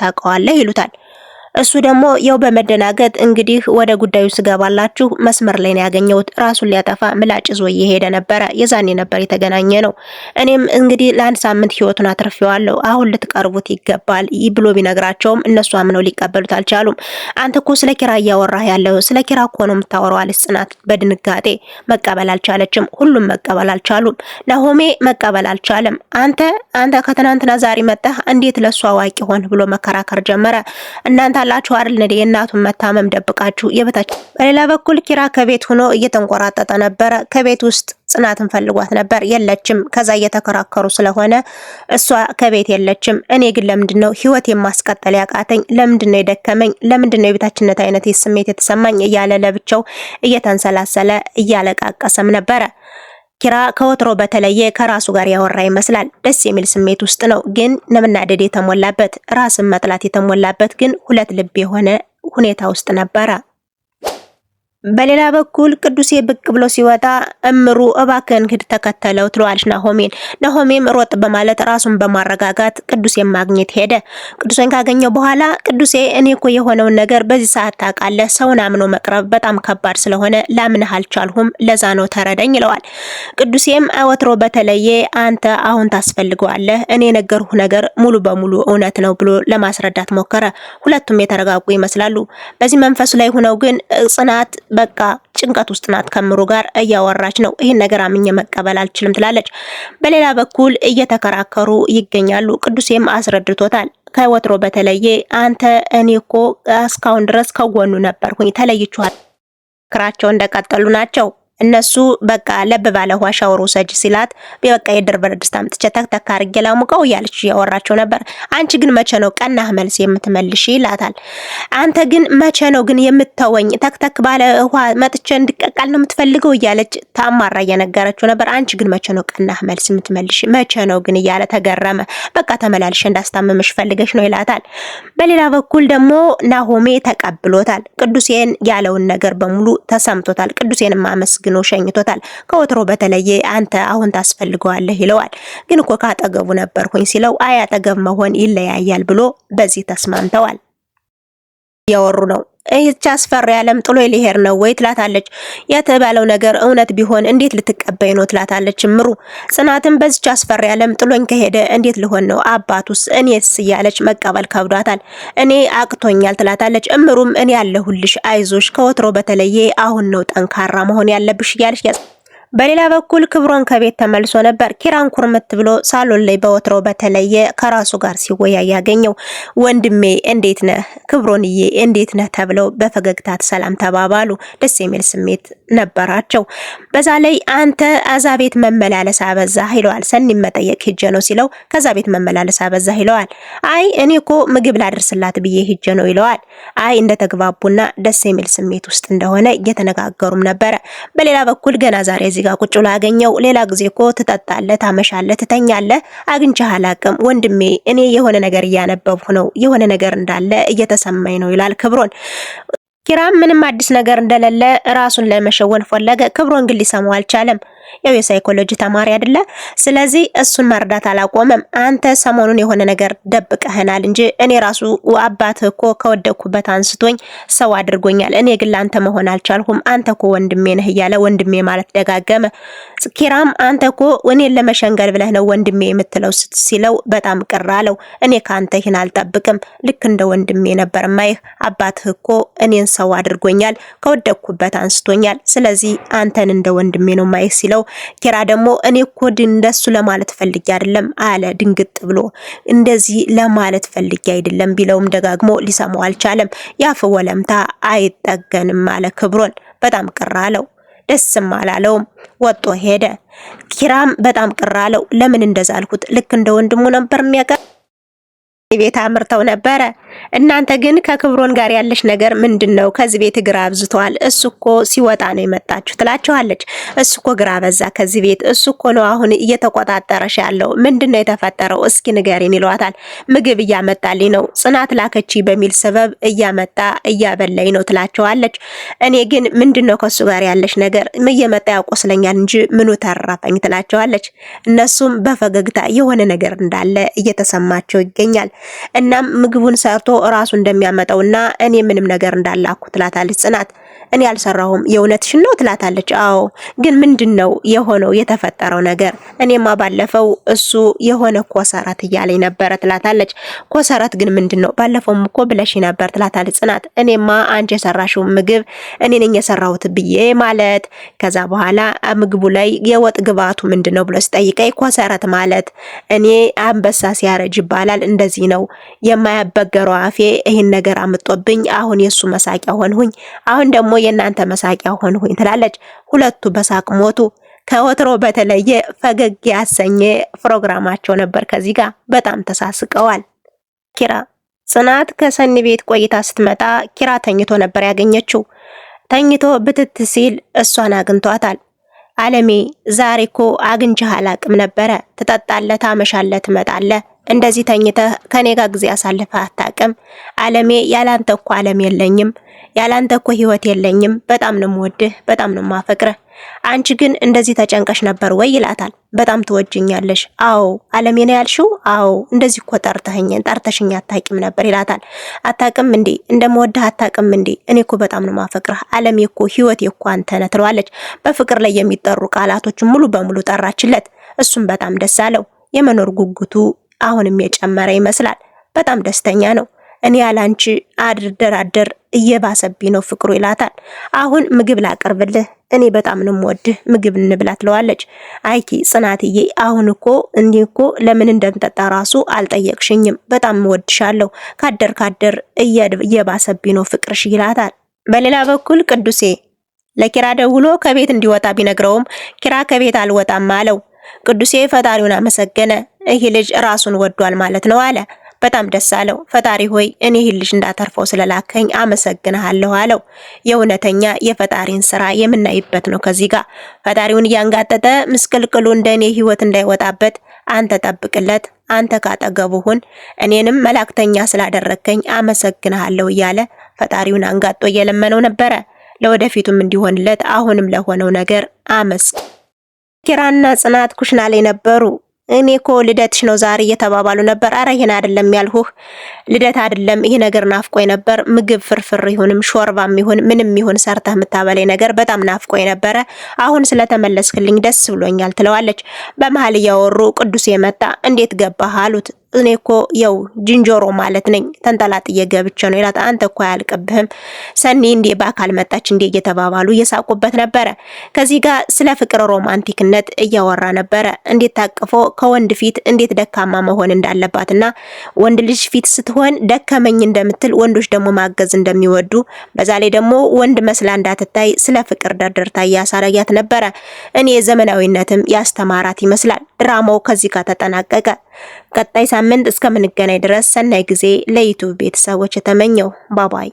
ታውቀዋለህ ይሉታል። እሱ ደግሞ ያው በመደናገጥ እንግዲህ ወደ ጉዳዩ ስገባላችሁ መስመር ላይ ነው ያገኘሁት። ራሱን ሊያጠፋ ምላጭ ዞ እየሄደ ነበረ። የዛኔ ነበር የተገናኘ ነው። እኔም እንግዲህ ለአንድ ሳምንት ህይወቱን አትርፌዋለሁ፣ አሁን ልትቀርቡት ይገባል ብሎ ቢነግራቸውም እነሱ አምነው ሊቀበሉት አልቻሉም። አንተ እኮ ስለ ኪራ እያወራህ ያለው ስለ ኪራ እኮ ነው የምታወራው አለች ጽናት በድንጋጤ መቀበል አልቻለችም። ሁሉም መቀበል አልቻሉም። ናሆሜ መቀበል አልቻለም። አንተ አንተ ከትናንትና ዛሬ መጣህ እንዴት ለሱ አዋቂ ሆን ብሎ መከራከር ጀመረ። እናንተ ታውቃላችሁ አይደል? እንዴ የእናቱን መታመም ደብቃችሁ የበታች። በሌላ በኩል ኪራ ከቤት ሆኖ እየተንቆራጠጠ ነበረ። ከቤት ውስጥ ጽናትን ፈልጓት ነበር፣ የለችም። ከዛ እየተከራከሩ ስለሆነ እሷ ከቤት የለችም። እኔ ግን ለምንድነው ህይወት የማስቀጠል ያቃተኝ? ለምንድነው ነው የደከመኝ? ለምንድን ነው የቤታችነት አይነት ስሜት የተሰማኝ? እያለ ለብቻው እየተንሰላሰለ እያለቃቀሰም ነበረ። ኪራ ከወትሮ በተለየ ከራሱ ጋር ያወራ ይመስላል። ደስ የሚል ስሜት ውስጥ ነው፣ ግን መናደድ የተሞላበት ራስን መጥላት የተሞላበት ግን ሁለት ልብ የሆነ ሁኔታ ውስጥ ነበረ። በሌላ በኩል ቅዱሴ ብቅ ብሎ ሲወጣ እምሩ እባክህን ሂድ ተከተለው ትለዋለች ናሆሜን። ናሆሜም ሮጥ በማለት ራሱን በማረጋጋት ቅዱሴን ማግኘት ሄደ። ቅዱሴን ካገኘው በኋላ ቅዱሴ እኔ እኮ የሆነውን ነገር በዚህ ሰዓት ታውቃለህ፣ ሰውን አምኖ መቅረብ በጣም ከባድ ስለሆነ ላምንህ አልቻልሁም፣ ለዛ ነው ተረደኝ ይለዋል። ቅዱሴም አወትሮ በተለየ አንተ አሁን ታስፈልገዋለህ፣ እኔ የነገርሁ ነገር ሙሉ በሙሉ እውነት ነው ብሎ ለማስረዳት ሞከረ። ሁለቱም የተረጋጉ ይመስላሉ። በዚህ መንፈሱ ላይ ሆነው ግን ጽናት በቃ ጭንቀት ውስጥ ናት። ከምሩ ጋር እያወራች ነው። ይህን ነገር አምኜ መቀበል አልችልም ትላለች። በሌላ በኩል እየተከራከሩ ይገኛሉ። ቅዱሴም አስረድቶታል። ከወትሮ በተለየ አንተ እኔ እኮ እስካሁን ድረስ ከጎኑ ነበርኩኝ ተለይችኋል። ክራቸው እንደቀጠሉ ናቸው። እነሱ በቃ ለብ ባለ ውሃ ሻወር ውሰጅ ሲላት በቃ የድር ብረድስት አምጥቼ ተክተካ አድርጌ ላሙቀው እያለች ያወራቸው ነበር። አንቺ ግን መቼ ነው ቀናህ መልስ የምትመልሽ ይላታል። አንተ ግን መቼ ነው ግን የምትተወኝ? ተክተክ ባለ ውሃ መጥቼ እንድቀቃል ነው የምትፈልገው እያለች ታማራ እየነገረችው ነበር። አንቺ ግን መቼ ነው ቀናህ መልስ የምትመልሽ? መቼ ነው ግን እያለ ተገረመ። በቃ ተመላልሽ እንዳስታመምሽ ፈልገሽ ነው ይላታል። በሌላ በኩል ደግሞ ናሆሜ ተቀብሎታል። ቅዱሴን ያለውን ነገር በሙሉ ተሰምቶታል። ቅዱሴን ማመስገን አመስግኖ ሸኝቶታል። ከወትሮ በተለየ አንተ አሁን ታስፈልገዋለህ ይለዋል። ግን እኮ ካጠገቡ ነበርኩኝ ሲለው አይ አጠገብ መሆን ይለያያል ብሎ በዚህ ተስማምተዋል። ያወሩ ነው ይህች አስፈሪ ዓለም ጥሎ ሊሄድ ነው ወይ ትላታለች። የተባለው ነገር እውነት ቢሆን እንዴት ልትቀበይ ነው ትላታለች ምሩ። ጽናትም በዚች አስፈሪ ዓለም ጥሎኝ ከሄደ እንዴት ልሆን ነው አባቱስ እኔስ እያለች መቀበል ከብዷታል። እኔ አቅቶኛል ትላታለች። እምሩም እኔ ያለሁልሽ አይዞሽ፣ ከወትሮ በተለየ አሁን ነው ጠንካራ መሆን ያለብሽ እያለች በሌላ በኩል ክብሮን ከቤት ተመልሶ ነበር። ኪራን ኩርምት ብሎ ሳሎን ላይ በወትሮ በተለየ ከራሱ ጋር ሲወያይ ያገኘው። ወንድሜ እንዴት ነህ? ክብሮንዬ እንዴት ነህ? ተብለው በፈገግታት ሰላም ተባባሉ። ደስ የሚል ስሜት ነበራቸው። በዛ ላይ አንተ አዛ ቤት መመላለስ አበዛህ ይለዋል። ሰኒ መጠየቅ ሂጄ ነው ሲለው ከዛ ቤት መመላለስ አበዛህ ይለዋል። አይ እኔ እኮ ምግብ ላደርስላት ብዬ ሂጄ ነው ይለዋል። አይ እንደተግባቡና ደስ የሚል ስሜት ውስጥ እንደሆነ እየተነጋገሩም ነበረ። በሌላ በኩል ገና ዛሬ እዚህ ጋር ቁጭ ብሎ አገኘው። ሌላ ጊዜ እኮ ትጠጣለህ፣ ታመሻለህ፣ ትተኛለህ። አግኝቼህ አላቅም ወንድሜ፣ እኔ የሆነ ነገር እያነበብኩ ነው፣ የሆነ ነገር እንዳለ እየተሰማኝ ነው ይላል ክብሮን። ኪራም ምንም አዲስ ነገር እንደሌለ ራሱን ለመሸወን ፈለገ። ክብሮን ግን ሊሰማው አልቻለም። ያው የሳይኮሎጂ ተማሪ አይደለ? ስለዚህ እሱን መርዳት አላቆመም። አንተ ሰሞኑን የሆነ ነገር ደብቀህናል እንጂ እኔ ራሱ አባት እኮ ከወደኩበት አንስቶኝ ሰው አድርጎኛል። እኔ ግን ለአንተ መሆን አልቻልሁም። አንተ እኮ ወንድሜ ነህ እያለ ወንድሜ ማለት ደጋገመ። ኪራም አንተ እኮ እኔን ለመሸንገል ብለህ ነው ወንድሜ የምትለው ሲለው በጣም ቅር አለው። እኔ ከአንተ ይህን አልጠብቅም። ልክ እንደ ወንድሜ ነበር ማይህ። አባትህ እኮ እኔን ሰው አድርጎኛል፣ ከወደኩበት አንስቶኛል። ስለዚህ አንተን እንደ ወንድሜ ነው ማይህ ሲለው ስትለው ኪራ ደግሞ እኔ ኮድ እንደሱ ለማለት ፈልጌ አይደለም አለ ድንግጥ ብሎ። እንደዚህ ለማለት ፈልጌ አይደለም ቢለውም ደጋግሞ ሊሰማው አልቻለም። የአፍ ወለምታ አይጠገንም አለ ክብሮን። በጣም ቅር አለው። ደስም አላለውም። ወጦ ሄደ። ኪራም በጣም ቅር አለው። ለምን እንደዛ አልኩት? ልክ እንደ ወንድሙ ነበር የሚያቀር ቤት አምርተው ነበረ። እናንተ ግን ከክብሮን ጋር ያለሽ ነገር ምንድን ነው? ከዚህ ቤት ግራ አብዝቷል። እሱ እኮ ሲወጣ ነው የመጣችሁ ትላችኋለች። እሱ እኮ ግራ በዛ ከዚህ ቤት። እሱ እኮ ነው አሁን እየተቆጣጠረሽ ያለው። ምንድን ነው የተፈጠረው? እስኪ ንገሪን ይሏታል። ምግብ እያመጣልኝ ነው ጽናት ላከች በሚል ሰበብ እያመጣ እያበላኝ ነው ትላችኋለች። እኔ ግን ምንድን ነው ከሱ ጋር ያለሽ ነገር? እየመጣ ያቆስለኛል እንጂ ምኑ ተረፈኝ ትላችኋለች። እነሱም በፈገግታ የሆነ ነገር እንዳለ እየተሰማቸው ይገኛል። እናም ምግቡን ሰርቶ ራሱ እንደሚያመጣውና እኔ ምንም ነገር እንዳላኩ ትላታለች ጽናት። እኔ አልሰራሁም የእውነትሽን ነው ትላታለች። አዎ ግን ምንድን ነው የሆነው የተፈጠረው ነገር? እኔማ ባለፈው እሱ የሆነ ኮሰረት እያለኝ ነበረ ትላታለች። ኮሰረት ግን ምንድን ነው? ባለፈውም እኮ ብለሽ ነበር ትላታለች ጽናት። እኔማ አንቺ የሰራሽው ምግብ እኔ ነኝ የሰራሁት ብዬ ማለት ከዛ በኋላ ምግቡ ላይ የወጥ ግብአቱ ምንድን ነው ብሎ ሲጠይቀኝ ኮሰረት ማለት እኔ አንበሳ ሲያረጅ ይባላል እንደዚህ ነው የማያበገረው አፌ ይህን ነገር አምጦብኝ አሁን የእሱ መሳቂያ ሆንሁኝ አሁን ደግሞ የእናንተ መሳቂያ ሆንሁኝ ትላለች። ሁለቱ በሳቅ ሞቱ። ከወትሮ በተለየ ፈገግ ያሰኘ ፕሮግራማቸው ነበር። ከዚህ ጋር በጣም ተሳስቀዋል። ኪራ ጽናት ከሰኒ ቤት ቆይታ ስትመጣ ኪራ ተኝቶ ነበር ያገኘችው። ተኝቶ ብትት ሲል እሷን አግኝቷታል። አለሜ ዛሬ እኮ አግኝቼህ አላቅም ነበረ። ትጠጣለህ፣ ታመሻለህ፣ ትመጣለህ። እንደዚህ ተኝተህ ከኔ ጋር ጊዜ አሳልፈህ አታቅም። አለሜ ያላንተ እኮ አለም የለኝም ያላንተ እኮ ህይወት የለኝም፣ በጣም ነው የምወድህ፣ በጣም ነው የማፈቅርህ። አንቺ ግን እንደዚህ ተጨንቀሽ ነበር ወይ ይላታል። በጣም ትወጅኛለሽ፣ አዎ አለሜ ነው ያልሽው፣ አዎ እንደዚህ እኮ ጠርተኸኝ ጠርተሽኝ አታቂም ነበር ይላታል። አታቅም እንዴ እንደምወድህ አታቅም እንዴ? እኔ እኮ በጣም ነው ማፈቅርህ፣ አለሜ እኮ ህይወት እኮ አንተ ነህ ትለዋለች። በፍቅር ላይ የሚጠሩ ቃላቶችን ሙሉ በሙሉ ጠራችለት። እሱም በጣም ደስ አለው። የመኖር ጉጉቱ አሁንም የጨመረ ይመስላል። በጣም ደስተኛ ነው። እኔ ያላንቺ አድርደራደር እየባሰብኝ ነው ፍቅሩ ይላታል። አሁን ምግብ ላቀርብልህ እኔ በጣም ነው የምወድህ ምግብ እንብላ ትለዋለች። አይቲ ጽናትዬ፣ አሁን እኮ እንዲህ እኮ ለምን እንደምጠጣ ራሱ አልጠየቅሽኝም። በጣም እወድሻለሁ። ካደር ካደር እየባሰብኝ ነው ፍቅርሽ ይላታል። በሌላ በኩል ቅዱሴ ለኪራ ደውሎ ከቤት እንዲወጣ ቢነግረውም ኪራ ከቤት አልወጣም አለው። ቅዱሴ ፈጣሪውን አመሰገነ። ይህ ልጅ ራሱን ወዷል ማለት ነው አለ። በጣም ደስ አለው። ፈጣሪ ሆይ እኔ ይህን ልጅ እንዳተርፈው ስለላከኝ አመሰግንሃለሁ አለው። የእውነተኛ የፈጣሪን ስራ የምናይበት ነው። ከዚህ ጋር ፈጣሪውን እያንጋጠጠ ምስቅልቅሉ እንደ እኔ ህይወት እንዳይወጣበት አንተ ጠብቅለት፣ አንተ ካጠገቡ ሁን፣ እኔንም መላእክተኛ ስላደረከኝ አመሰግንሃለሁ እያለ ፈጣሪውን አንጋጦ እየለመነው ነበረ። ለወደፊቱም እንዲሆንለት አሁንም ለሆነው ነገር አመስግ ኪራና ጽናት ኩሽና ላይ ነበሩ። እኔ እኮ ልደትሽ ነው ዛሬ እየተባባሉ ነበር። አረ ይሄን አይደለም ያልሁህ፣ ልደት አይደለም ይሄ ነገር ናፍቆኝ ነበር። ምግብ ፍርፍር ይሁንም ሾርባም ይሁን ምንም ይሁን ሰርተህ የምታበላይ ነገር በጣም ናፍቆኝ ነበረ። አሁን ስለተመለስክልኝ ደስ ብሎኛል ትለዋለች። በመሀል እያወሩ ቅዱስ የመጣ እንዴት ገባህ አሉት። እኔ እኮ የው ጅንጆሮ ማለት ነኝ ተንጠላጥዬ ገብቼ ነው ይላት። አንተ እኮ አያልቅብህም ሰኒ እንዴ በአካል መጣች እንዴ እየተባባሉ እየሳቁበት ነበረ። ከዚህ ጋር ስለ ፍቅር ሮማንቲክነት እያወራ ነበረ። እንዴት ታቅፎ ከወንድ ፊት እንዴት ደካማ መሆን እንዳለባትና ወንድ ልጅ ፊት ስትሆን ደከመኝ እንደምትል ወንዶች ደግሞ ማገዝ እንደሚወዱ በዛ ላይ ደግሞ ወንድ መስላ እንዳትታይ ስለ ፍቅር ደርደርታ እያሳረያት ነበረ። እኔ ዘመናዊነትም ያስተማራት ይመስላል። ድራማው ከዚህ ጋር ተጠናቀቀ። ቀጣይ ሳምንት እስከምንገናኝ ድረስ ሰናይ ጊዜ ለዩቱብ ቤተሰቦች የተመኘው ባባይ